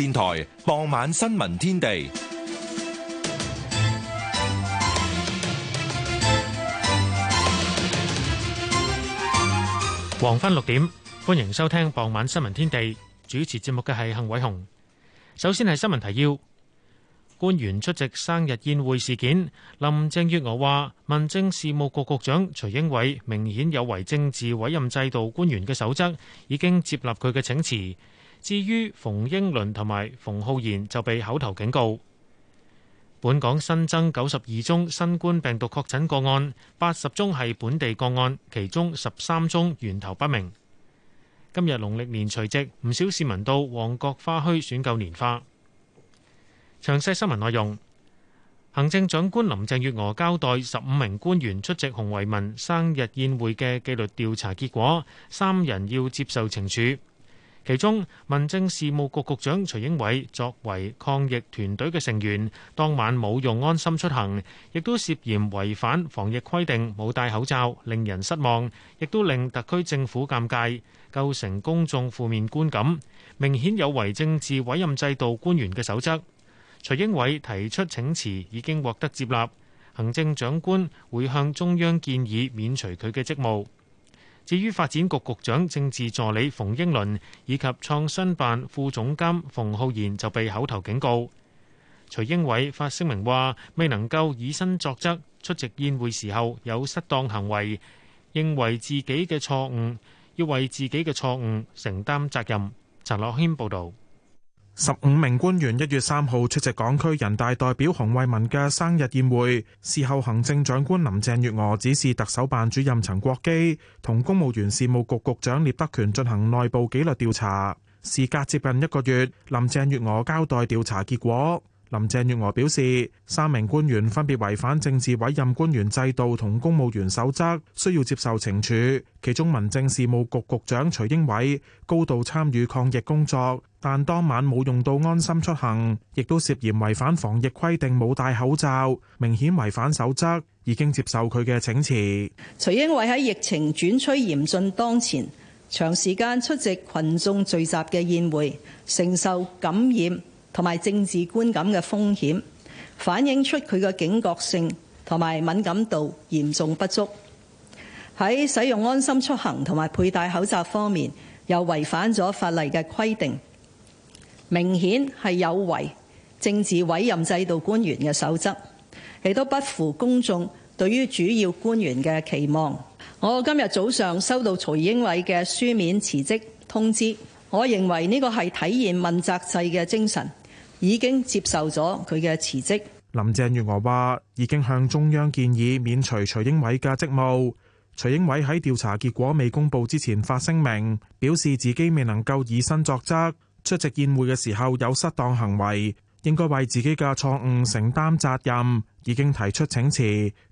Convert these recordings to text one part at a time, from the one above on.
電台傍晚新聞天地，黃昏六點，歡迎收聽傍晚新聞天地。主持節目嘅係幸偉雄。首先係新聞提要：官員出席生日宴會事件，林鄭月娥話，民政事務局局局長徐英偉明顯有違政治委任制度，官員嘅守則已經接納佢嘅請辭。至於馮英倫同埋馮浩然就被口頭警告。本港新增九十二宗新冠病毒確診個案，八十宗係本地個案，其中十三宗源頭不明。今日農曆年除夕，唔少市民到旺角花墟選購年花。詳細新聞內容，行政長官林鄭月娥交代十五名官員出席洪為民生日宴會嘅紀律調查結果，三人要接受懲處。其中，民政事務局局長徐英偉作為抗疫團隊嘅成員，當晚冇用安心出行，亦都涉嫌違反防疫規定，冇戴口罩，令人失望，亦都令特區政府尷尬，構成公眾負面觀感，明顯有違政治委任制度官員嘅守則。徐英偉提出請辭已經獲得接納，行政長官會向中央建議免除佢嘅職務。至於發展局局長政治助理馮英倫以及創新辦副總監馮浩然就被口頭警告。徐英偉發聲明話：未能夠以身作則，出席宴會時候有失當行為，認為自己嘅錯誤，要為自己嘅錯誤承擔責任。陳樂軒報導。十五名官員一月三號出席港區人大代表洪慧文嘅生日宴會，事後行政長官林鄭月娥指示特首辦主任陳國基同公務員事務局局，局長聶德權進行內部紀律調查，事隔接近一個月，林鄭月娥交代調查結果。林鄭月娥表示，三名官員分別違反政治委任官員制度同公務員守則，需要接受懲處。其中民政事務局局長徐英偉高度參與抗疫工作，但當晚冇用到安心出行，亦都涉嫌違反防疫規定冇戴口罩，明顯違反守則，已經接受佢嘅請辭。徐英偉喺疫情轉趨嚴峻當前，長時間出席群眾聚集嘅宴會，承受感染，同埋政治觀感嘅風險，反映出佢嘅警覺性同埋敏感度嚴重不足。喺使用安心出行同埋佩戴口罩方面，又違反咗法例嘅規定，明顯係有違政治委任制度官員嘅守則，亦都不符公眾對於主要官員嘅期望。我今日早上收到徐英偉嘅書面辭職通知，我認為呢個係體現問責制嘅精神。已經接受咗佢嘅辭職。林鄭月娥話：已經向中央建議免除徐英偉嘅職務。徐英偉喺調查結果未公布之前發聲明，表示自己未能夠以身作則，出席宴會嘅時候有失當行為，應該為自己嘅錯誤承擔責任，已經提出請辭，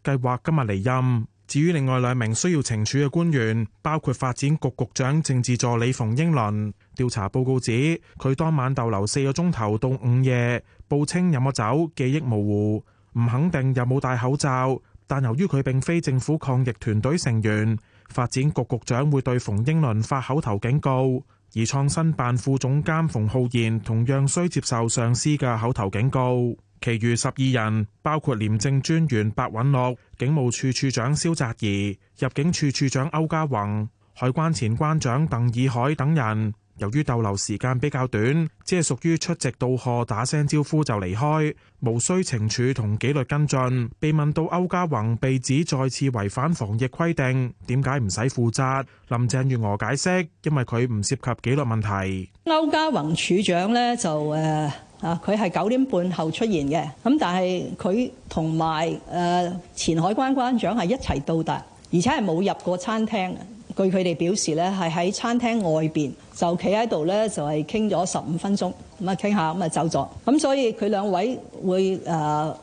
計劃今日離任。至於另外兩名需要懲處嘅官員，包括發展局局長政治助理馮英倫。調查報告指，佢當晚逗留四個鐘頭到午夜，報稱飲咗酒，記憶模糊，唔肯定有冇戴口罩。但由於佢並非政府抗疫團隊成員，發展局局長會對馮英倫發口頭警告。而創新辦副總監馮浩然同樣需接受上司嘅口頭警告。其餘十二人包括廉政專員白韞六、警務處處長蕭澤頤、入境處處長歐家宏、海關前關長鄧以海等人。由於逗留時間比較短，只係屬於出席到賀、打聲招呼就離開，無需懲處同紀律跟進。被問到歐家宏被指再次違反防疫規定，點解唔使負責？林鄭月娥解釋：因為佢唔涉及紀律問題。歐家宏處長呢，就誒。呃啊！佢係九點半後出現嘅，咁但係佢同埋誒前海關關長係一齊到達，而且係冇入過餐廳。據佢哋表示咧，係喺餐廳外邊就企喺度咧，就係傾咗十五分鐘。咁啊傾下，咁啊走咗。咁所以佢兩位會誒話，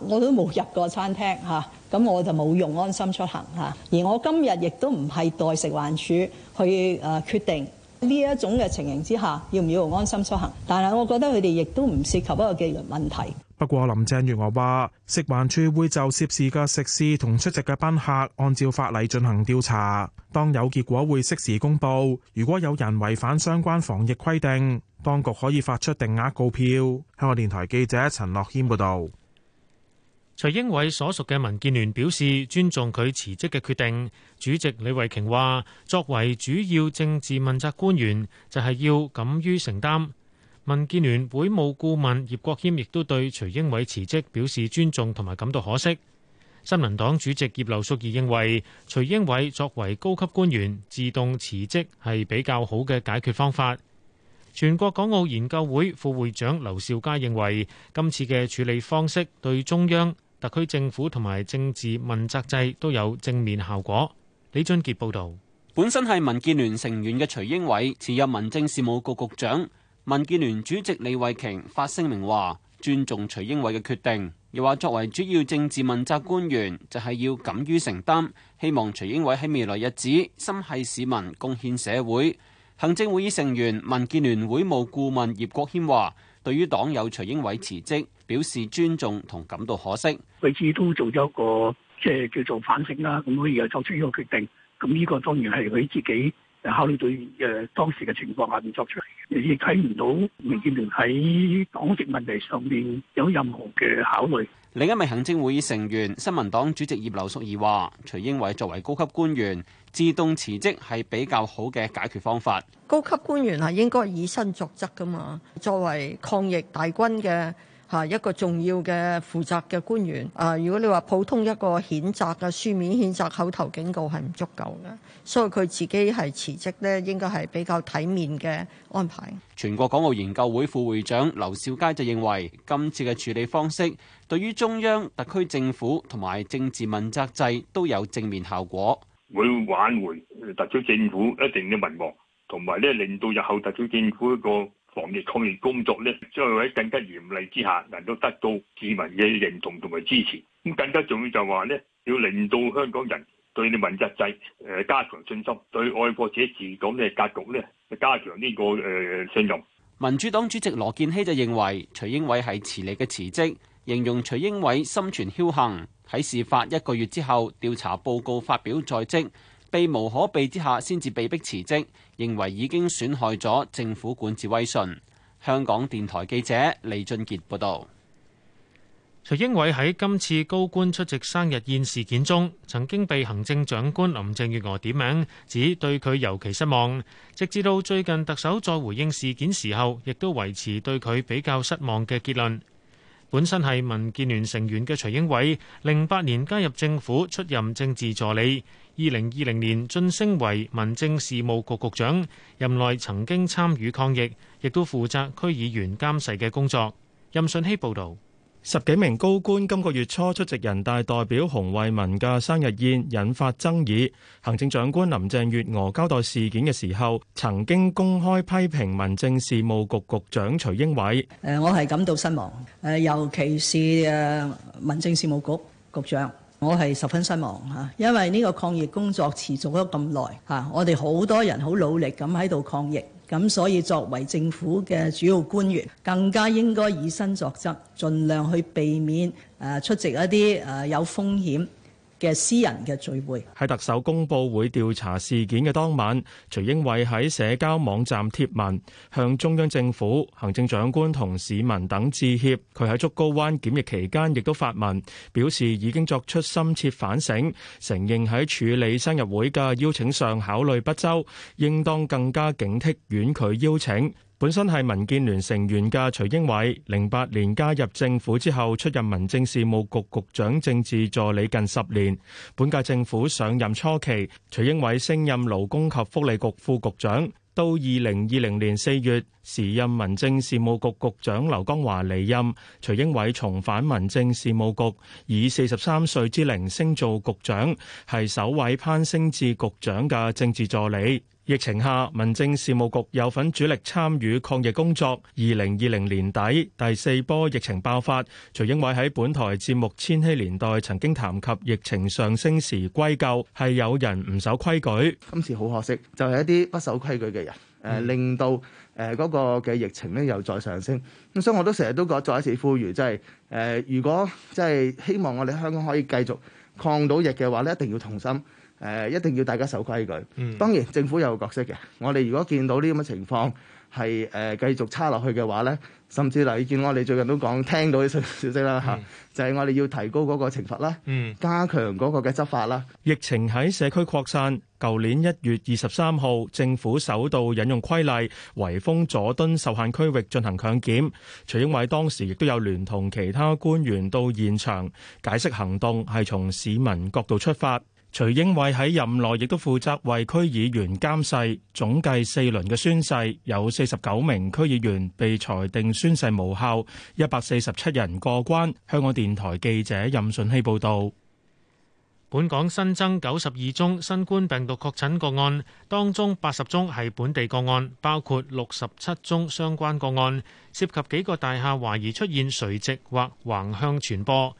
呃，我都冇入過餐廳嚇，咁，啊，我就冇用安心出行嚇，啊。而我今日亦都唔係代食環署去誒決定。呢一種嘅情形之下，要唔要安心出行？但係我覺得佢哋亦都唔涉及一個紀律問題。不過林鄭月娥話：食環署會就涉事嘅食肆同出席嘅賓客，按照法例進行調查，當有結果會適時公佈。如果有人違反相關防疫規定，當局可以發出定額告票。香港電台記者陳樂軒報導。徐英偉所屬嘅民建聯表示尊重佢辭職嘅決定。主席李慧瓊話，作為主要政治問責官員，就係要敢於承擔。民建聯會務顧問葉國謙亦都對徐英偉辭職表示尊重同埋感到可惜。新民黨主席葉劉淑儀認為，徐英偉作為高級官員自動辭職係比較好嘅解決方法。全國港澳研究會副會長劉兆佳認為，今次嘅處理方式對中央，特區政府同埋政治問責制都有正面效果。李俊杰報道，本身係民建聯成員嘅徐英偉辭任民政事務局局長。民建聯主席李慧瓊發聲明話：尊重徐英偉嘅決定，又話作為主要政治問責官員，就係、是、要敢於承擔。希望徐英偉喺未來日子心繫市民，貢獻社會。行政會議成員、民建聯會務顧問葉國謙話。對於黨友徐英偉辭職，表示尊重同感到可惜。佢自己都做咗一個即係叫做反省啦，咁可以又作出呢個決定。咁呢個當然係佢自己考慮到誒當時嘅情況下面作出嚟，亦睇唔到民建聯喺黨籍問題上面有任何嘅考慮。另一名行政會議成員，新民黨主席葉劉淑儀話，徐英偉作為高級官員，自動辭職係比較好嘅解決方法。高級官員係應該以身作則㗎嘛。作為抗疫大軍嘅嚇一個重要嘅負責嘅官員啊，如果你話普通一個譴責嘅書面譴責，口頭警告係唔足夠嘅，所以佢自己係辭職呢應該係比較體面嘅安排。全國港澳研究會副會長劉兆佳就認為，今次嘅處理方式，對於中央、特區政府同埋政治問責制都有正面效果，會挽回特區政府一定嘅民望，同埋咧令到日後特區政府一個防疫抗疫工作咧，將會喺更加嚴厲之下，能夠得到市民嘅認同同埋支持。咁更加重要就話咧，要令到香港人對你問責制誒加強信心，對愛國者治港嘅格局咧加強呢個誒信任。民主黨主席羅健熙就認為，徐英偉係遲嚟嘅辭職。形容徐英偉心存僥倖，喺事發一個月之後，調查報告發表在即，避無可避之下，先至被迫辭職。認為已經損害咗政府管治威信。香港電台記者李俊杰報道：徐英偉喺今次高官出席生日宴事件中，曾經被行政長官林鄭月娥點名，指對佢尤其失望。直至到最近特首再回應事件時候，亦都維持對佢比較失望嘅結論。本身係民建聯成員嘅徐英偉，零八年加入政府出任政治助理，二零二零年晉升為民政事務局局長，任內曾經參與抗疫，亦都負責區議員監誓嘅工作。任信希報導。十幾名高官今個月初出席人大代表洪為民嘅生日宴，引發爭議。行政長官林鄭月娥交代事件嘅時候，曾經公開批評民政事務局局長徐英偉。誒，我係感到失望。誒，尤其是誒民政事務局局長，我係十分失望吓，因為呢個抗疫工作持續咗咁耐吓，我哋好多人好努力咁喺度抗疫。咁所以作為政府嘅主要官員，更加應該以身作則，盡量去避免誒出席一啲誒有風險嘅私人嘅聚會。喺特首公布會調查事件嘅當晚，徐英偉喺社交網站貼文向中央政府、行政長官同市民等致歉。佢喺竹篙灣檢疫期間亦都發文表示已經作出深切反省，承認喺處理生日會嘅邀請上考慮不周，應當更加警惕婉拒邀請。本身係民建聯成員嘅徐英偉零八年加入政府之後出任民政事務局局、局長政治助理近十年。本屆政府上任初期，徐英偉升任勞工及福利局副局長，到二零二零年四月時任民政事務局局長劉江華離任，徐英偉重返民政事務局，以四十三歲之齡升做局長，係首位攀升至局長嘅政治助理。疫情下，民政事務局有份主力參與抗疫工作。二零二零年底第四波疫情爆發，徐英偉喺本台節目《千禧年代》曾經談及疫情上升時歸咎係有人唔守規矩。今次好可惜，就係、是、一啲不守規矩嘅人，誒令到誒嗰個嘅疫情咧又再上升。咁所以我都成日都覺得再一次呼籲、就是，即係誒如果即係希望我哋香港可以繼續抗到疫嘅話咧，一定要同心。誒一定要大家守規矩。當然政府有個角色嘅。我哋如果見到呢咁嘅情況係誒繼續差落去嘅話咧，甚至你見我哋最近都講聽到啲訊消息啦嚇，就係我哋要提高嗰個懲罰啦，加強嗰個嘅執法啦。疫情喺社區擴散，舊年一月二十三號，政府首度引用規例圍封佐敦受限區域進行強檢。徐英偉當時亦都有聯同其他官員到現場解釋行動係從市民角度出發。徐英偉喺任內亦都負責為區議員監誓，總計四輪嘅宣誓，有四十九名區議員被裁定宣誓無效，一百四十七人過關。香港電台記者任順希報道。本港新增九十二宗新冠病毒確診個案，當中八十宗係本地個案，包括六十七宗相關個案，涉及幾個大廈懷疑出現垂直或橫向傳播。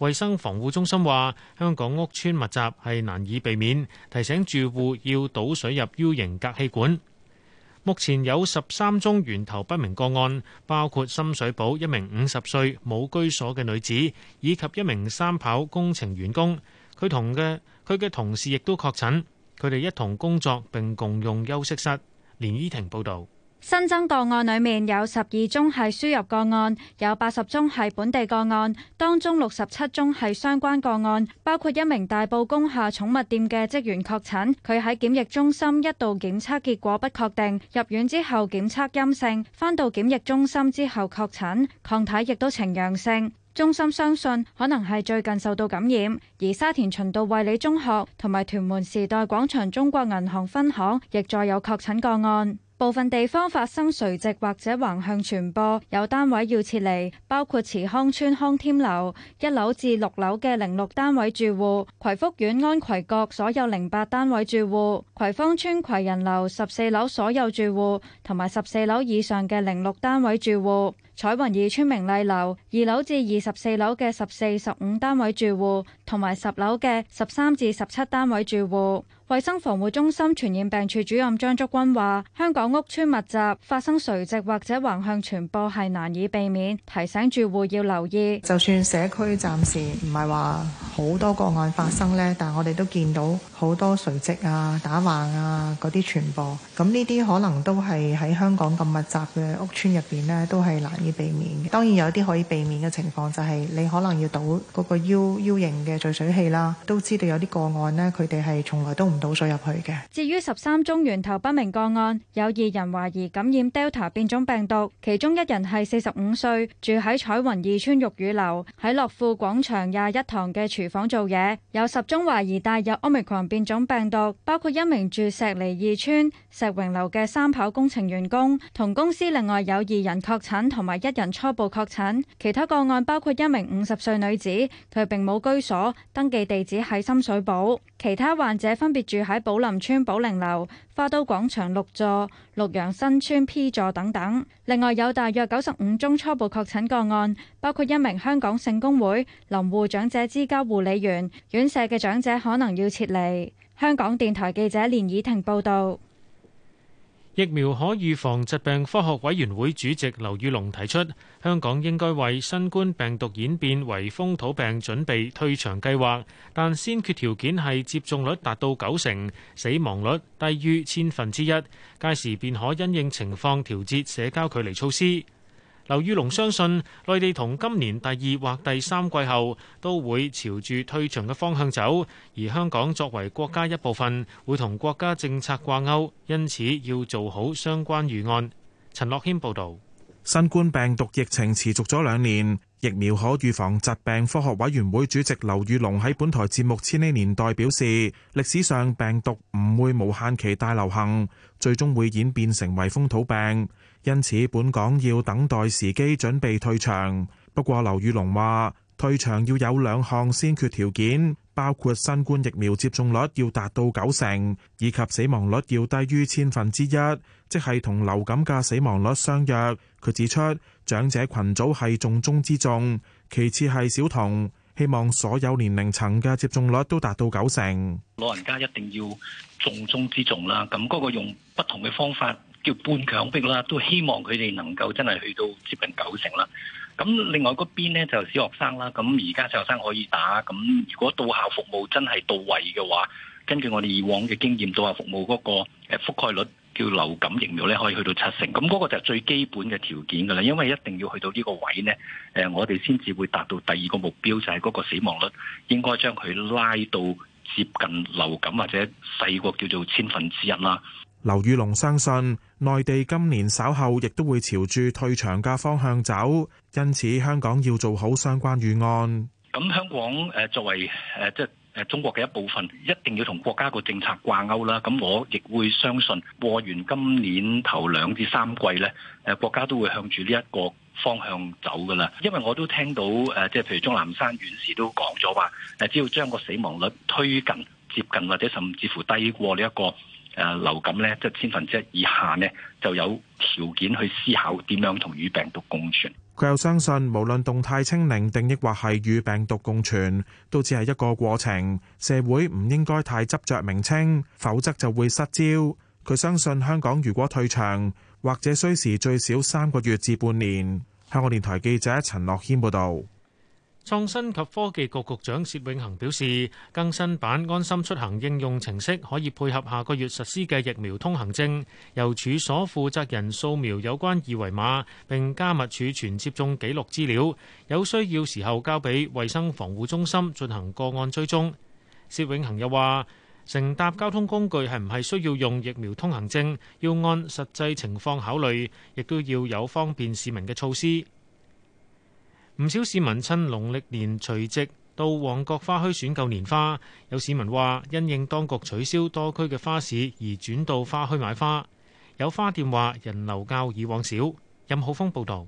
衛生防護中心話，香港屋邨密集係難以避免，提醒住戶要倒水入 U 型隔氣管。目前有十三宗源頭不明個案，包括深水埗一名五十歲冇居所嘅女子，以及一名三跑工程員工。佢同嘅佢嘅同事亦都確診，佢哋一同工作並共用休息室。連依婷報道。新增個案裏面有十二宗係輸入個案，有八十宗係本地個案，當中六十七宗係相關個案，包括一名大埔工廈寵物店嘅職員確診，佢喺檢疫中心一度檢測結果不確定，入院之後檢測陰性，翻到檢疫中心之後確診，抗體亦都呈陽性。中心相信可能係最近受到感染，而沙田循道衛理中學同埋屯門時代廣場中國銀行分行亦再有確診個案。部分地方發生垂直或者橫向傳播，有單位要撤離，包括慈康村康添樓一樓至六樓嘅零六單位住戶、葵福苑安葵閣所有零八單位住戶、葵芳村葵仁樓十四樓所有住戶，同埋十四樓以上嘅零六單位住戶、彩雲二村明麗樓二樓至二十四樓嘅十四十五單位住戶。同埋十樓嘅十三至十七單位住戶，衛生防護中心傳染病處主任張竹君話，香港屋邨密集，發生垂直或者橫向傳播係難以避免，提醒住戶要留意。就算社區暫時唔係話好多個案發生咧，但係我哋都見到好多垂直啊、打橫啊嗰啲傳播，咁呢啲可能都係喺香港咁密集嘅屋邨入邊咧，都係難以避免嘅。當然有啲可以避免嘅情況，就係你可能要倒嗰個 U U 型嘅。聚水器啦，都知道有啲個案咧，佢哋係從來都唔倒水入去嘅。至於十三宗源頭不明個案，有二人懷疑感染 Delta 變種病毒，其中一人係四十五歲，住喺彩雲二村玉宇樓，喺樂富廣場廿一堂嘅廚房做嘢。有十宗懷疑帶有 Omicron 變種病毒，包括一名住石梨二村石榮樓嘅三跑工程員工，同公司另外有二人確診同埋一人初步確診。其他個案包括一名五十歲女子，佢並冇居所。登記地址喺深水埗，其他患者分別住喺寶林村寶玲樓、花都廣場六座、綠楊新村 P 座等等。另外有大約九十五宗初步確診個案，包括一名香港聖公會林護長者之家護理員，院舍嘅長者可能要撤離。香港電台記者連以婷報道。疫苗可預防疾病科學委員會主席劉宇龍提出，香港應該為新冠病毒演變為風土病準備退場計劃，但先決條件係接種率達到九成，死亡率低於千分之一，屆時便可因應情況調節社交距離措施。劉宇龍相信，內地同今年第二或第三季後都會朝住退場嘅方向走，而香港作為國家一部分，會同國家政策掛鈎，因此要做好相關預案。陳樂謙報道：新冠病毒疫情持續咗兩年，疫苗可預防疾病科學委員會主席劉宇龍喺本台節目《千禧年代》表示，歷史上病毒唔會無限期大流行，最終會演變成為風土病。因此，本港要等待時機準備退場。不過劉宇龍話退場要有兩項先決條件，包括新冠疫苗接種率要達到九成，以及死亡率要低於千分之一，即係同流感嘅死亡率相若。佢指出，長者群組係重中之重，其次係小童，希望所有年齡層嘅接種率都達到九成。老人家一定要重中之重啦，咁、那、嗰個用不同嘅方法。叫半強迫啦，都希望佢哋能夠真係去到接近九成啦。咁另外嗰邊咧就小學生啦，咁而家小學生可以打。咁如果到校服務真係到位嘅話，根據我哋以往嘅經驗，到校服務嗰個覆蓋率叫流感疫苗咧，可以去到七成。咁嗰個就係最基本嘅條件㗎啦，因為一定要去到呢個位呢，誒我哋先至會達到第二個目標，就係嗰個死亡率應該將佢拉到接近流感或者細個叫做千分之一啦。劉宇龍相信，內地今年稍後亦都會朝住退場嘅方向走，因此香港要做好相關預案。咁香港誒作為誒即係誒中國嘅一部分，一定要同國家個政策掛鈎啦。咁我亦會相信過完今年頭兩至三季咧，誒國家都會向住呢一個方向走㗎啦。因為我都聽到誒即係譬如鍾南山院士都講咗話，誒只要將個死亡率推近、接近或者甚至乎低過呢、這、一個。誒流感呢，即千分之一以下呢，就有條件去思考點樣同與病毒共存。佢又相信，無論動態清零定抑或係與病毒共存，都只係一個過程。社會唔應該太執着名稱，否則就會失焦。佢相信香港如果退場，或者需時最少三個月至半年。香港電台記者陳樂軒報導。創新及科技局局長薛永恆表示，更新版安心出行應用程式可以配合下個月實施嘅疫苗通行證，由處所負責人掃描有關二維碼，並加密儲存接種記錄資料，有需要時候交俾衛生防護中心進行個案追蹤。薛永恆又話，乘搭交通工具係唔係需要用疫苗通行證，要按實際情況考慮，亦都要有方便市民嘅措施。唔少市民趁農曆年除夕到旺角花墟選購年花，有市民話因應當局取消多區嘅花市而轉到花墟買花。有花店話人流較以往少。任浩峰報導。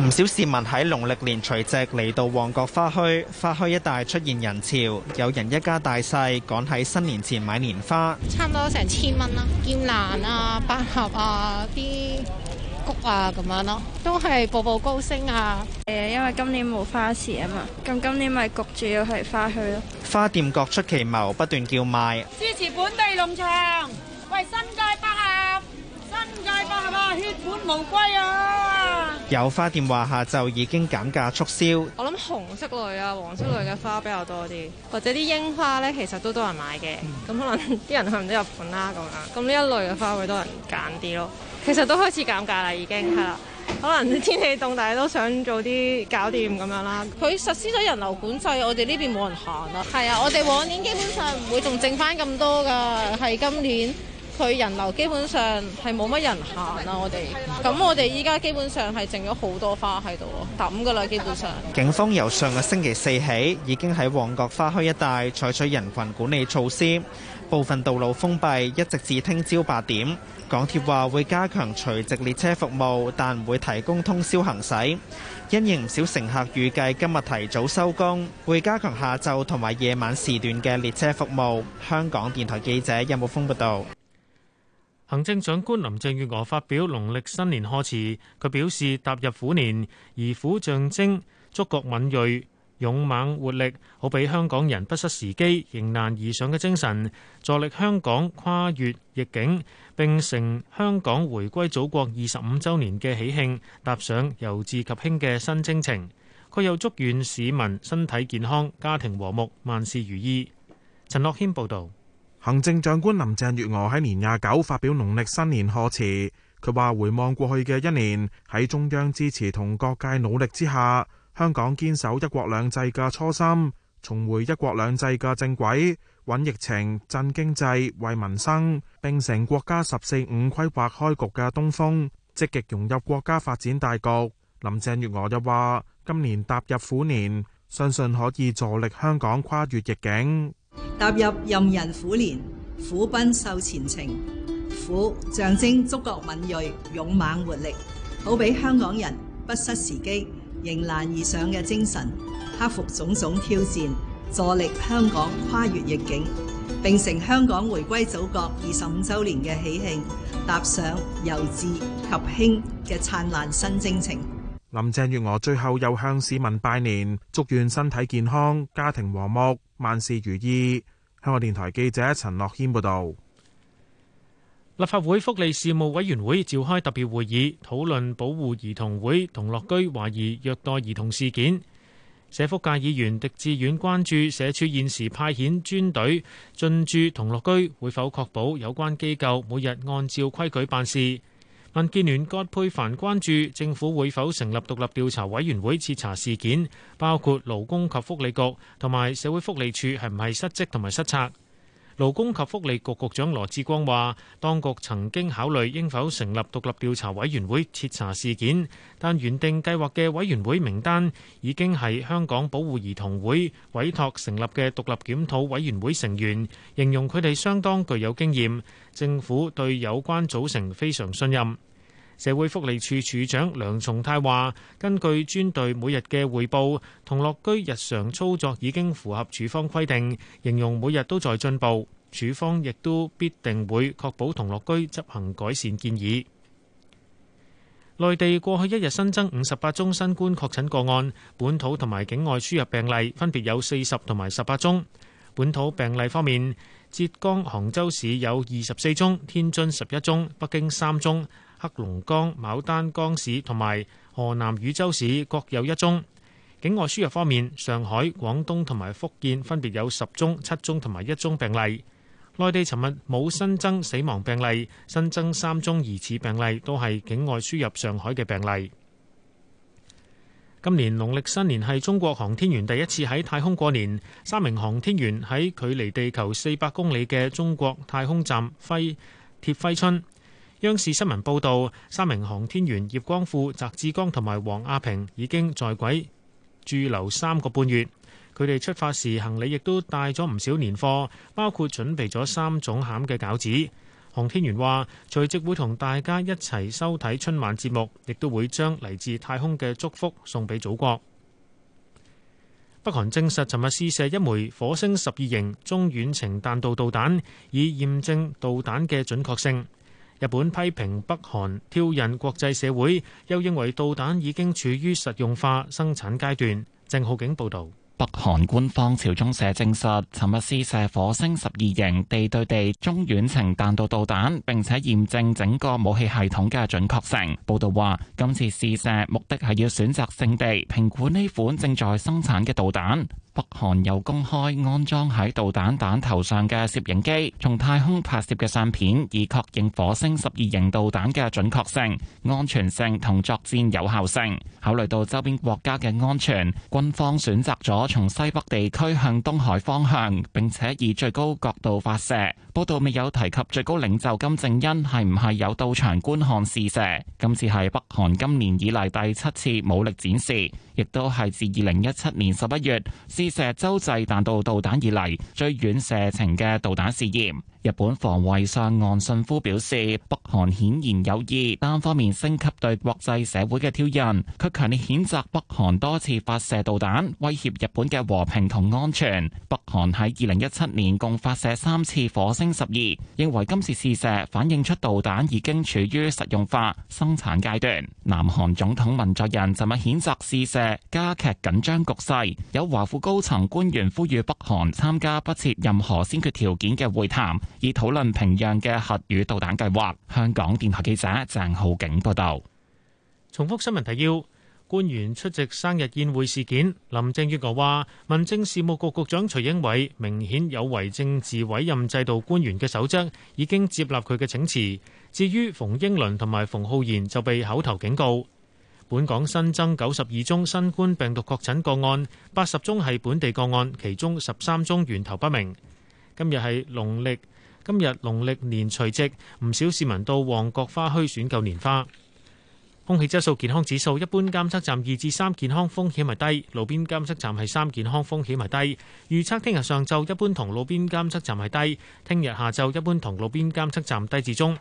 唔少市民喺農曆年除夕嚟到旺角花墟，花墟一帶出現人潮，有人一家大細趕喺新年前買年花，差唔多成千蚊啦，劍蘭啊、百合啊啲。谷啊咁樣咯，都係步步高升啊！誒，因為今年冇花市啊嘛，咁今年咪焗住要去花墟咯。花店各出奇謀，不斷叫賣。支持本地農場，喂，新界北啊，新界北啊，血本無歸啊！有花店話下晝已經減價促銷。我諗紅色類啊、黃色類嘅花比較多啲，或者啲櫻花咧，其實都多人買嘅。咁、嗯、可能啲人去唔到日本啦，咁樣咁呢一類嘅花會多人揀啲咯。其實都開始減價啦，已經係啦。可能天氣凍，大家都想做啲搞掂咁樣啦。佢實施咗人流管制，我哋呢邊冇人行啦。係啊，我哋往年基本上唔會仲剩返咁多㗎，係今年。佢人流基本上係冇乜人行啊！我哋咁，我哋依家基本上係剩咗好多花喺度抌噶啦！基本上，警方由上個星期四起已經喺旺角花墟一帶採取人群管理措施，部分道路封閉，一直至聽朝八點。港鐵話會加強垂直列車服務，但唔會提供通宵行駛，因應唔少乘客預計今日提早收工，會加強下晝同埋夜晚時段嘅列車服務。香港電台記者任木峯報道。行政長官林鄭月娥發表農曆新年賀詞，佢表示踏入虎年，而虎象徵觸覺敏鋭、勇猛活力，好比香港人不失時機、迎難而上嘅精神，助力香港跨越逆境，並乘香港回歸祖國二十五週年嘅喜慶，踏上由治及興嘅新征程。佢又祝願市民身體健康、家庭和睦、萬事如意。陳樂軒報導。行政長官林鄭月娥喺年廿九發表農曆新年賀詞，佢話回望過去嘅一年，喺中央支持同各界努力之下，香港堅守一國兩制嘅初心，重回一國兩制嘅正軌，穩疫情、振經濟、惠民生，並成國家十四五規劃開局嘅東風，積極融入國家發展大局。林鄭月娥又話，今年踏入虎年，相信可以助力香港跨越逆境。踏入任人虎年，虎奔秀前程。虎象徵觸覺敏銳、勇猛活力，好比香港人不失時機、迎難而上嘅精神，克服種種挑戰，助力香港跨越逆境，並乘香港回歸祖國二十五周年嘅喜慶，踏上由治及興嘅燦爛新征程。林鄭月娥最後又向市民拜年，祝願身體健康、家庭和睦、萬事如意。香港電台記者陳樂謙報道。立法會福利事務委員會召開特別會議，討論保護兒童會同樂居懷疑虐待兒童事件。社福界議員狄志遠關注社署現時派遣專隊進駐同樂居，會否確保有關機構每日按照規矩辦事？民建聯郭佩凡關注政府會否成立獨立調查委員會徹查事件，包括勞工及福利局同埋社會福利署係唔係失職同埋失策。勞工及福利局局長羅致光話，當局曾經考慮應否成立獨立調查委員會徹查事件，但原定計劃嘅委員會名單已經係香港保護兒童會委託成立嘅獨立檢討委員會成員，形容佢哋相當具有經驗，政府對有關組成非常信任。社會福利署署長梁松泰話，根據專隊每日嘅匯報，同樂居日常操作已經符合署方規定，形容每日都在進步。署方亦都必定會確保同樂居執行改善建議。內地過去一日新增五十八宗新冠確診個案，本土同埋境外輸入病例分別有四十同埋十八宗。本土病例方面，浙江杭州市有二十四宗，天津十一宗，北京三宗。黑龍江牡丹江市同埋河南禹州市各有一宗。境外輸入方面，上海、廣東同埋福建分別有十宗、七宗同埋一宗病例。內地尋日冇新增死亡病例，新增三宗疑似病例，都係境外輸入上海嘅病例。今年農曆新年係中國航天員第一次喺太空過年，三名航天員喺距離地球四百公里嘅中國太空站揮鐵揮春。央視新聞報道，三名航天員葉光富、翟志剛同埋王亞平已經在軌駐留三個半月。佢哋出發時行李亦都帶咗唔少年貨，包括準備咗三種餡嘅餃子。航天員話隨即會同大家一齊收睇春晚節目，亦都會將嚟自太空嘅祝福送俾祖國。北韓證實尋日試射一枚火星十二型中遠程彈道導彈以驗證導彈嘅準確性。日本批評北韓挑釁國際社會，又認為導彈已經處於實用化生產階段。鄭浩景報道，北韓官方朝中社證實，尋日試射火星十二型地對地中遠程彈道導彈，並且驗證整個武器系統嘅準確性。報道話，今次試射目的係要選擇性地評估呢款正在生產嘅導彈。北韓又公開安裝喺導彈彈頭上嘅攝影機，從太空拍攝嘅相片，以確認火星十二型導彈嘅準確性、安全性同作戰有效性。考慮到周邊國家嘅安全，軍方選擇咗從西北地區向東海方向，並且以最高角度發射。報道未有提及最高領袖金正恩係唔係有到場觀看試射。今次係北韓今年以嚟，第七次武力展示，亦都係自二零一七年十一月試射洲際彈道導彈以嚟最遠射程嘅導彈試驗。日本防衛上岸信夫表示，北韓顯然有意單方面升級對國際社會嘅挑釁，佢強烈譴責北韓多次發射導彈威脅日本嘅和平同安全。北韓喺二零一七年共發射三次火星十二，認為今次試射反映出導彈已經處於實用化生產階段。南韓總統文在寅昨日譴責試、試射，加劇緊張局勢，有華府高層官員呼籲北韓參加不設任何先決條件嘅會談，以討論平壤嘅核與導彈計劃。香港電台記者鄭浩景報道。重複新聞提要：官員出席生日宴會事件，林鄭月娥話民政事務局局長徐英偉明顯有違政治委任制度官員嘅守則，已經接納佢嘅請辭。至於馮英倫同埋馮浩然就被口頭警告。本港新增九十二宗新冠病毒確診個案，八十宗係本地個案，其中十三宗源頭不明。今日係農曆。今日農曆年除夕，唔少市民到旺角花墟選購年花。空氣質素健康指數一般監測站二至三，健康風險係低；路邊監測站係三，健康風險係低。預測聽日上晝一般同路邊監測站係低，聽日下晝一般同路邊監測站低至中。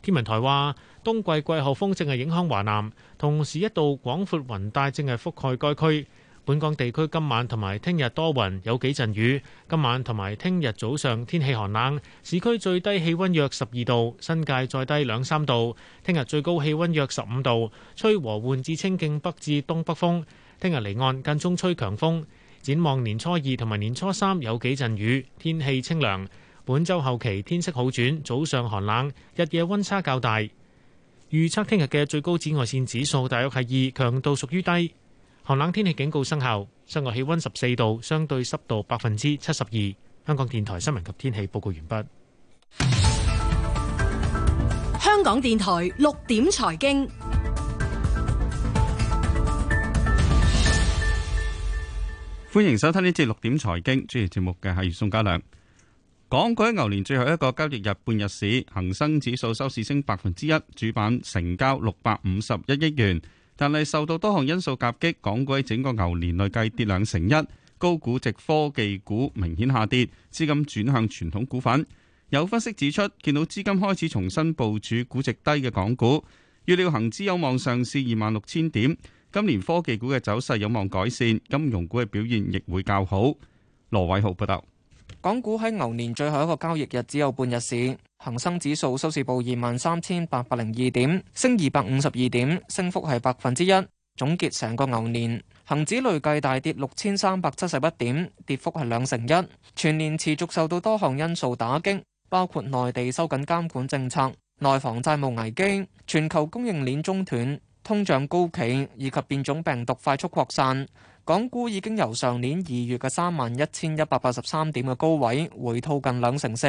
天文台話，冬季季候風正係影響華南，同時一度廣闊雲帶正係覆蓋該區。本港地區今晚同埋聽日多雲，有幾陣雨。今晚同埋聽日早上天氣寒冷，市區最低氣温約十二度，新界再低兩三度。聽日最高氣温約十五度，吹和緩至清勁北至東北風。聽日離岸間中吹強風。展望年初二同埋年初三有幾陣雨，天氣清涼。本週後期天色好轉，早上寒冷，日夜温差較大。預測聽日嘅最高紫外線指數大約係二，強度屬於低。寒冷天氣警告生效，室外氣温十四度，相對濕度百分之七十二。香港電台新聞及天氣報告完畢。香港電台六點財經，財經歡迎收聽呢節六點財經，主持節目嘅係宋家良。港股喺牛年最後一個交易日半日市，恆生指數收市升百分之一，主板成交六百五十一億元。但係受到多項因素夾擊，港股喺整個牛年累計跌兩成一，高估值科技股明顯下跌，資金轉向傳統股份。有分析指出，見到資金開始重新部署估值低嘅港股。預料恒指有望上試二萬六千點。今年科技股嘅走勢有望改善，金融股嘅表現亦會較好。羅偉豪報導。港股喺牛年最後一個交易日只有半日市，恒生指數收市報二萬三千八百零二點，升二百五十二點，升幅係百分之一。總結成個牛年，恒指累計大跌六千三百七十一點，跌幅係兩成一。全年持續受到多項因素打擊，包括內地收緊監管政策、內房債務危機、全球供應鏈中斷、通脹高企以及變種病毒快速擴散。港股已經由上年二月嘅三萬一千一百八十三點嘅高位回吐近兩成四，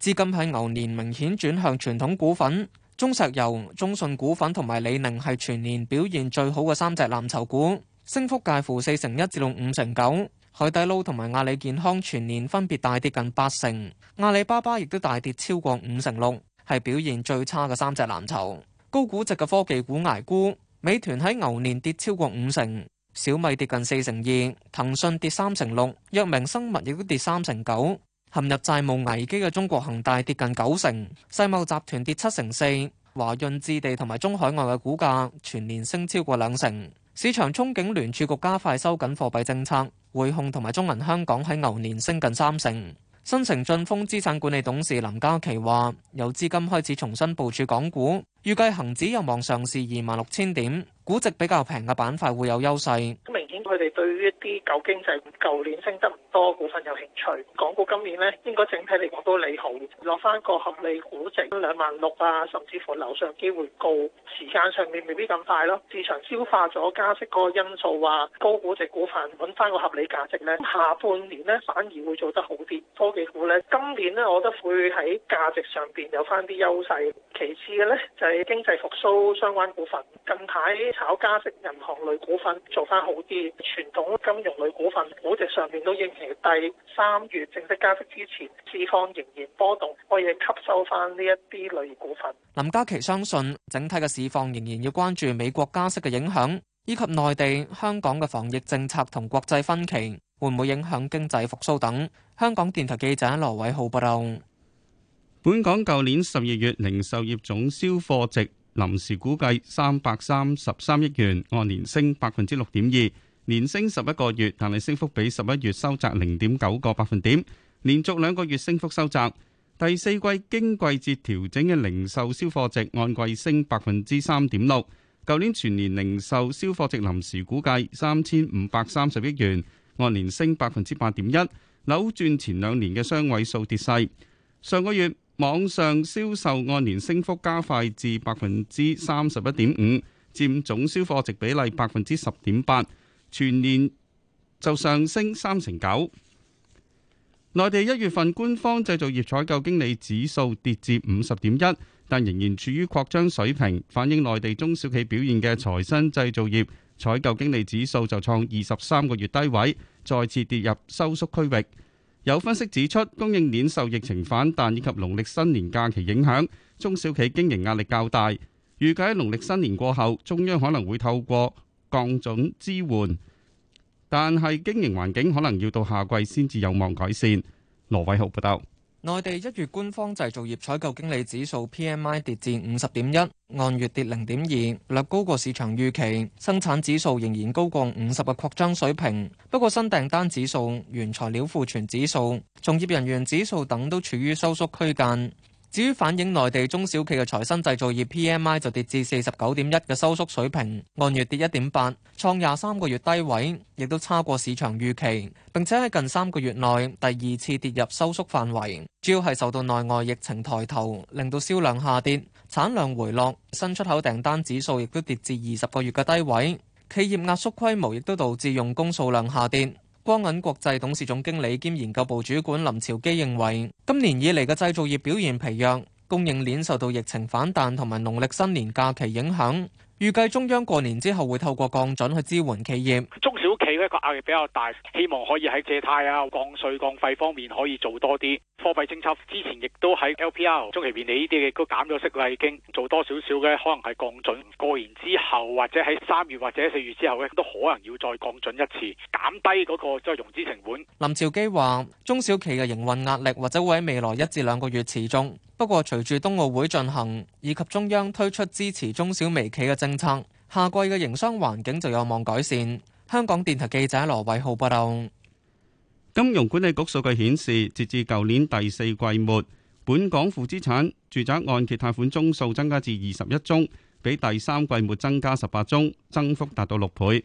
資金喺牛年明顯轉向傳統股份，中石油、中信股份同埋李寧係全年表現最好嘅三隻藍籌股，升幅介乎四成一至到五成九。海底撈同埋阿里健康全年分別大跌近八成，阿里巴巴亦都大跌超過五成六，係表現最差嘅三隻藍籌。高估值嘅科技股捱沽，美團喺牛年跌超過五成。小米跌近四成二，騰訊跌三成六，藥明生物亦都跌三成九，陷入債務危機嘅中國恒大跌近九成，世茂集團跌七成四，華潤置地同埋中海外嘅股價全年升超過兩成。市場憧憬聯儲局加快收緊貨幣政策，匯控同埋中銀香港喺牛年升近三成。新城駿豐資產管理董事林嘉琪話，有資金開始重新部署港股，預計恒指有望上市二萬六千點。估值比較平嘅板塊會有優勢，咁明顯佢哋對於一啲舊經濟舊年升得唔多股份有興趣。港股今年咧應該整體嚟講都利好，落翻個合理估值兩萬六啊，甚至乎樓上機會高。時間上面未必咁快咯，市場消化咗加息個因素啊，高估值股份揾翻個合理價值咧，下半年咧反而會做得好啲。科技股咧今年咧，我覺得會喺價值上邊有翻啲優勢。其次嘅咧就係經濟復蘇相關股份，近排炒加息銀行類股份做翻好啲，傳統金融類股份股值上面都應承第三月正式加息之前，市況仍然波動，可以吸收翻呢一啲類股份。林嘉琪相信整體嘅市況仍然要關注美國加息嘅影響，以及內地、香港嘅防疫政策同國際分歧會唔會影響經濟復蘇等。香港電台記者羅偉浩報道。本港舊年十二月零售業總銷貨值臨時估計三百三十三億元，按年升百分之六點二，年升十一個月，但係升幅比十一月收窄零點九個百分點，連續兩個月升幅收窄。第四季經季節調整嘅零售銷貨值按季升百分之三點六。舊年全年零售銷貨值臨時估計三千五百三十億元，按年升百分之八點一，扭轉前兩年嘅雙位數跌勢。上個月。網上銷售按年升幅加快至百分之三十一點五，占總銷貨值比例百分之十點八，全年就上升三成九。內地一月份官方製造業採購經理指數跌至五十點一，但仍然處於擴張水平。反映內地中小企表現嘅財新製造業採購經理指數就創二十三個月低位，再次跌入收縮區域。有分析指出，供應鏈受疫情反彈以及農曆新年假期影響，中小企經營壓力較大。預計喺農曆新年過後，中央可能會透過降準支援，但係經營環境可能要到下季先至有望改善。羅偉豪報道。內地一月官方製造業採購經理指數 PMI 跌至五十點一，按月跌零點二，略高過市場預期。生產指數仍然高過五十嘅擴張水平，不過新訂單指數、原材料庫存指數、從業人員指數等都處於收縮區間。至於反映內地中小企嘅財新製造業 PMI 就跌至四十九點一嘅收縮水平，按月跌一點八，創廿三個月低位，亦都差過市場預期。並且喺近三個月內第二次跌入收縮範圍，主要係受到內外疫情抬頭，令到銷量下跌、產量回落、新出口訂單指數亦都跌至二十個月嘅低位，企業壓縮規模亦都導致用工數量下跌。光銀國際董事總經理兼研究部主管林朝基認為，今年以來嘅製造業表現疲弱，供應鏈受到疫情反彈同埋農曆新年假期影響，預計中央過年之後會透過降準去支援企業。一個壓力比較大，希望可以喺借貸啊、降稅降費方面可以做多啲貨幣政策。之前亦都喺 L P R 中期便利呢啲嘅都減咗息啦，已經做多少少嘅，可能係降準。過完之後或者喺三月或者四月之後咧，都可能要再降準一次，減低嗰個即係融資成本。林兆基話，中小企嘅營運壓力或者會喺未來一至兩個月持續，不過隨住冬奧會進行以及中央推出支持中小微企嘅政策，下季嘅營商環境就有望改善。香港電台記者羅偉浩報道，金融管理局數據顯示，截至舊年第四季末，本港負資產住宅按揭貸款宗數增加至二十一宗，比第三季末增加十八宗，增幅達到六倍。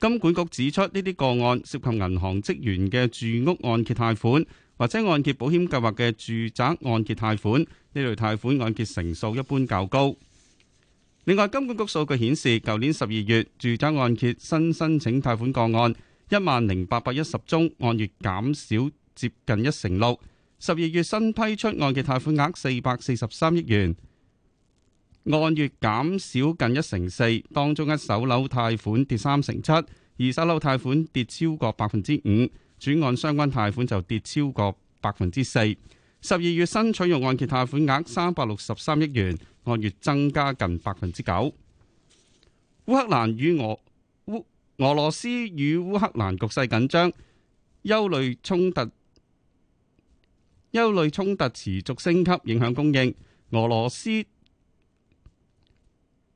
金管局指出，呢啲個案涉及銀行職員嘅住屋按揭貸款，或者按揭保險計劃嘅住宅按揭貸款，呢類貸款按揭成數一般較高。另外，金管局數據顯示，舊年十二月住宅按揭新申請貸款個案一萬零八百一十宗，按月減少接近一成六。十二月新批出按揭貸款額四百四十三億元，按月減少近一成四。當中一手樓貸款跌三成七，二手樓貸款跌超過百分之五，轉按相關貸款就跌超過百分之四。十二月新取用按揭貸款額三百六十三億元，按月增加近百分之九。烏克蘭與俄烏、俄羅斯與烏克蘭局勢緊張，憂慮衝突、憂慮衝突持續升級，影響供應。俄羅斯、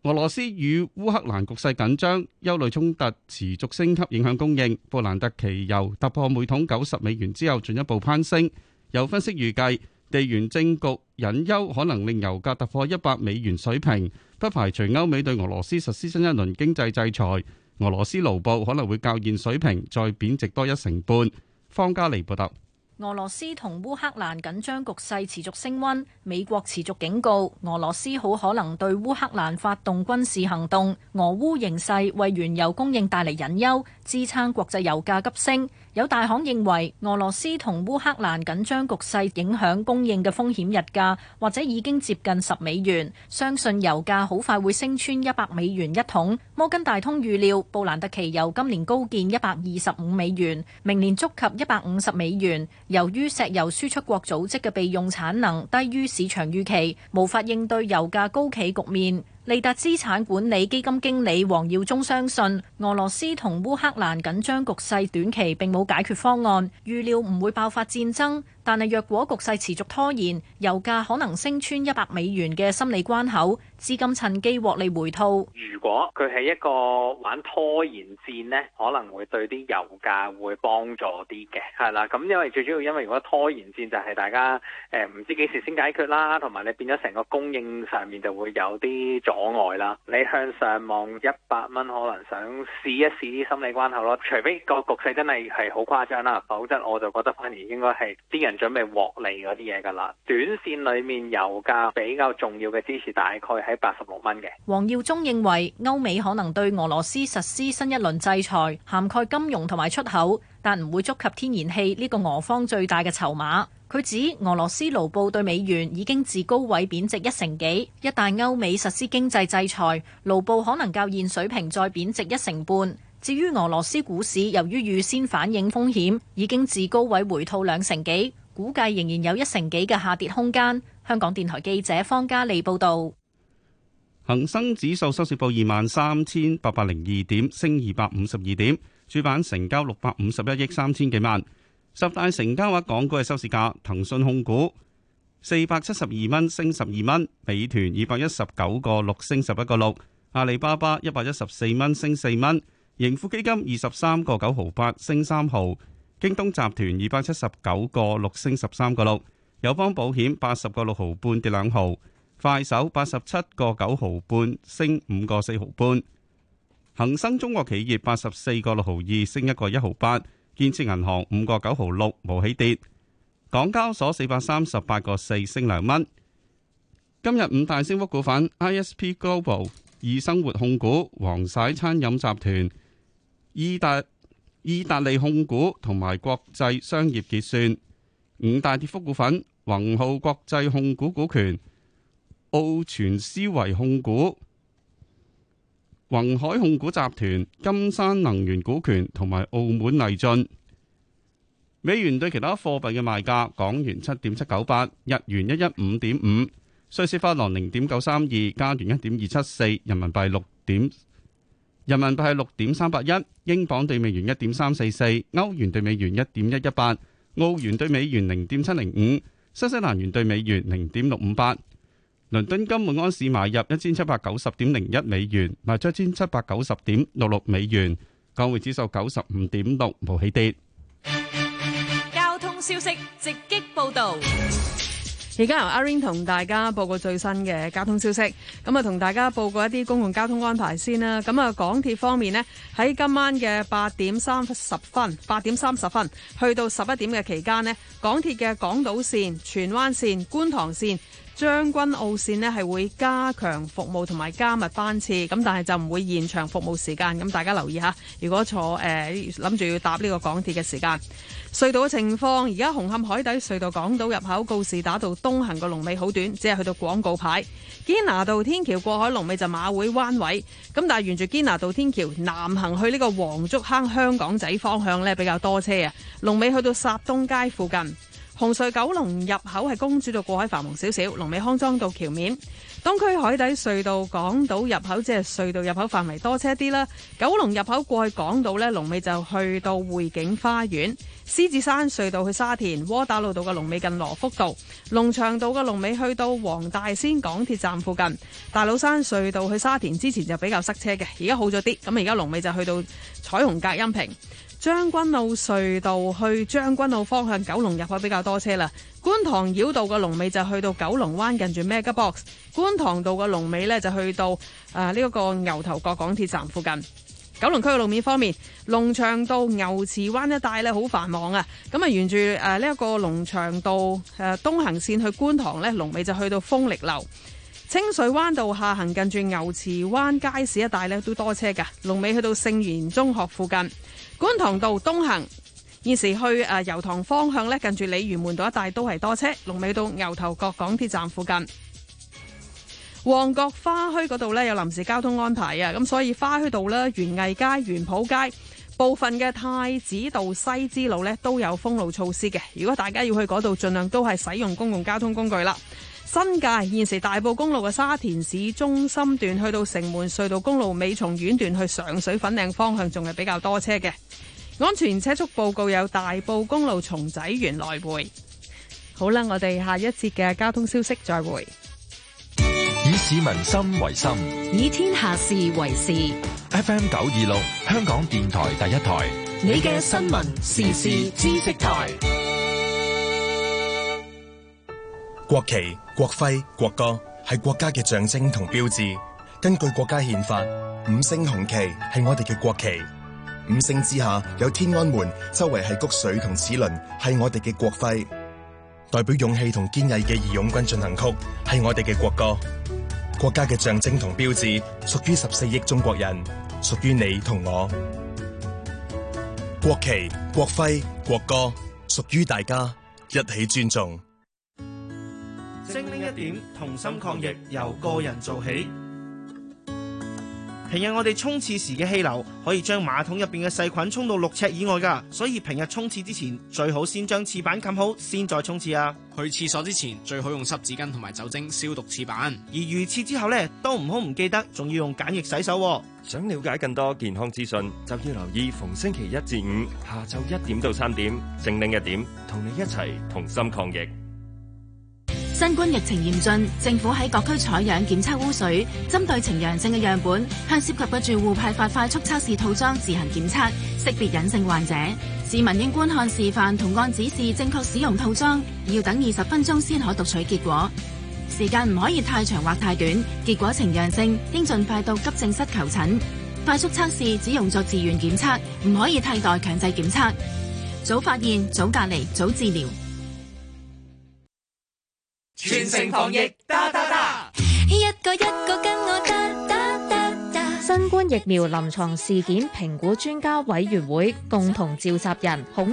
俄羅斯與烏克蘭局勢緊張，憂慮衝突持續升級，影響供應。布蘭特期油突破每桶九十美元之後，進一步攀升。有分析預計，地緣政局隱憂可能令油價突破一百美元水平，不排除歐美對俄羅斯實施新一輪經濟制裁。俄羅斯盧布可能會較現水平再貶值多一成半。方嘉莉報道，俄羅斯同烏克蘭緊張局勢持續升溫，美國持續警告俄羅斯好可能對烏克蘭發動軍事行動。俄烏形勢為原油供應帶嚟隱憂，支撐國際油價急升。有大行認為俄羅斯同烏克蘭緊張局勢影響供應嘅風險日價，或者已經接近十美元，相信油價好快會升穿一百美元一桶。摩根大通預料布蘭特期油今年高見一百二十五美元，明年觸及一百五十美元。由於石油輸出國組織嘅備用產能低於市場預期，無法應對油價高企局面。利達資產管理基金經理黃耀忠相信，俄羅斯同烏克蘭緊張局勢短期並冇解決方案，預料唔會爆發戰爭。但係若果局勢持續拖延，油價可能升穿一百美元嘅心理關口，資金趁機獲利回吐。如果佢係一個玩拖延戰呢，可能會對啲油價會幫助啲嘅，係啦。咁因為最主要因為如果拖延戰就係大家誒、呃、唔知幾時先解決啦，同埋你變咗成個供應上面就會有啲阻礙啦。你向上望一百蚊，可能想試一試啲心理關口咯。除非個局勢真係係好誇張啦，否則我就覺得反而應該係啲人，準備獲利嗰啲嘢噶啦，短綫裏面油價比較重要嘅支持大概喺八十六蚊嘅。黃耀宗認為，歐美可能對俄羅斯實施新一輪制裁，涵蓋金融同埋出口，但唔會觸及天然氣呢個俄方最大嘅籌碼。佢指俄羅斯盧布對美元已經自高位貶值一成幾，一旦歐美實施經濟制裁，盧布可能較現水平再貶值一成半。至於俄羅斯股市，由於預先反映風險，已經自高位回吐兩成幾。估計仍然有一成幾嘅下跌空間。香港電台記者方嘉莉報道，恒生指數收市報二萬三千八百零二點，升二百五十二點，主板成交六百五十一億三千幾萬。十大成交額港股嘅收市價，騰訊控股四百七十二蚊，升十二蚊；美團二百一十九個六，升十一個六；阿里巴巴一百一十四蚊，升四蚊；盈富基金二十三個九毫八，升三毫。京東集團二百七十九個六，升十三個六，友邦保險八十個六毫半，跌兩毫，快手八十七個九毫半，升五個四毫半，恒生中國企業八十四個六毫二，升一個一毫八，建設銀行五個九毫六冇起跌，港交所四百三十八個四，升兩蚊。今日五大升幅股份：ISP Global、易生活控股、黃璽餐飲集團、意大。意大利控股同埋國際商業結算五大跌幅股份：宏浩國際控股股權、澳全思維控股、宏海控股集團、金山能源股權同埋澳門麗進。美元對其他貨幣嘅賣價：港元七點七九八，日元一一五點五，瑞士法郎零點九三二，加元一點二七四，人民幣六點。人民幣係六點三八一，英鎊兌美元一點三四四，歐元兌美元一點一一八，澳元兌美元零點七零五，新西蘭元兌美元零點六五八。倫敦金每安士買入一千七百九十點零一美元，賣出一千七百九十點六六美元。港匯指數九十五點六，無起跌。交通消息直擊報道。而家由阿 Ring 同大家報告最新嘅交通消息。咁啊，同大家報告一啲公共交通安排先啦。咁啊，港鐵方面呢，喺今晚嘅八點三十分，八點三十分去到十一點嘅期間呢，港鐵嘅港島綫、荃灣綫、觀塘綫，將軍澳線咧，係會加強服務同埋加密班次，咁但係就唔會延長服務時間，咁大家留意下，如果坐誒諗住要搭呢個港鐵嘅時間，隧道嘅情況，而家紅磡海底隧道港島入口告士打道東行個龍尾好短，只係去到廣告牌。堅拿道天橋過海龍尾就馬會灣位，咁但係沿住堅拿道天橋南行去呢個黃竹坑香港仔方向呢，比較多車啊，龍尾去到沙東街附近。紅隧九龍入口係公主道過海繁忙少少，龍尾康莊道橋面，東區海底隧道港島入口即係隧道入口範圍多車啲啦。九龍入口過去港島呢，龍尾就去到匯景花園。獅子山隧道去沙田窩打老道嘅龍尾近羅福道，龍翔道嘅龍尾去到黃大仙港鐵站附近。大老山隧道去沙田之前就比較塞車嘅，而家好咗啲。咁而家龍尾就去到彩虹隔音屏。將軍澳隧道去將軍澳方向，九龍入口比較多車啦。觀塘繞道嘅龍尾就去到九龍灣近住 Mega Box。觀塘道嘅龍尾呢，就去到誒，呢一個牛頭角港鐵站附近。九龍區嘅路面方面，龍翔道牛池灣一帶呢，好繁忙啊。咁、這個、啊，沿住誒，呢一個龍翔道誒東行線去觀塘呢，龍尾就去到豐力樓。清水灣道下行近住牛池灣街市一帶呢，都多車噶，龍尾去到聖言中學附近。觀塘道東行現時去誒油塘方向咧，近住鯉魚門道一帶都係多車。龍尾到牛頭角港鐵站附近，旺角花墟嗰度咧有臨時交通安排啊！咁所以花墟道咧、園藝街、園圃街、部分嘅太子道西支路咧都有封路措施嘅。如果大家要去嗰度，盡量都係使用公共交通工具啦。新界現時大埔公路嘅沙田市中心段去到城門隧道公路尾松苑段去上水粉嶺方向仲係比較多車嘅，安全車速報告有大埔公路松仔園來回。好啦，我哋下一節嘅交通消息再會。以市民心為心，以天下事為事。FM 九二六，香港電台第一台，你嘅新聞時事知識台。國旗、國徽、國歌係國家嘅象徵同標誌。根據國家憲法，五星紅旗係我哋嘅國旗。五星之下有天安門，周圍係谷穗同齒輪，係我哋嘅國徽。代表勇氣同堅毅嘅《義勇軍進行曲》係我哋嘅國歌。國家嘅象徵同標誌屬於十四億中國人，屬於你同我。國旗、國徽、國歌屬於大家，一起尊重。精靈一點，同心抗疫，由個人做起。平日我哋沖廁時嘅氣流可以將馬桶入邊嘅細菌沖到六尺以外噶，所以平日沖廁之前最好先將廁板冚好，先再沖廁啊。去廁所之前最好用濕紙巾同埋酒精消毒廁板，而如廁之後呢，都唔好唔記得，仲要用梘液洗手啊。想了解更多健康資訊，就要留意逢星期一至五下晝一點到三點，精靈一點，同你一齊同心抗疫。新冠疫情嚴峻，政府喺各區採樣檢測污水，針對呈陽性嘅樣本，向涉及嘅住戶派發快速測試套裝自行檢測，識別隱性患者。市民應觀看示範同按指示正確使用套裝，要等二十分鐘先可讀取結果。時間唔可以太長或太短，結果呈陽性應盡快到急症室求診。快速測試只用作自願檢測，唔可以替代強制檢測。早發現，早隔離，早治療。全城防疫，打打打！一個一個跟我打打打。新冠疫苗臨床事件評估專家委員會共同召集人孔。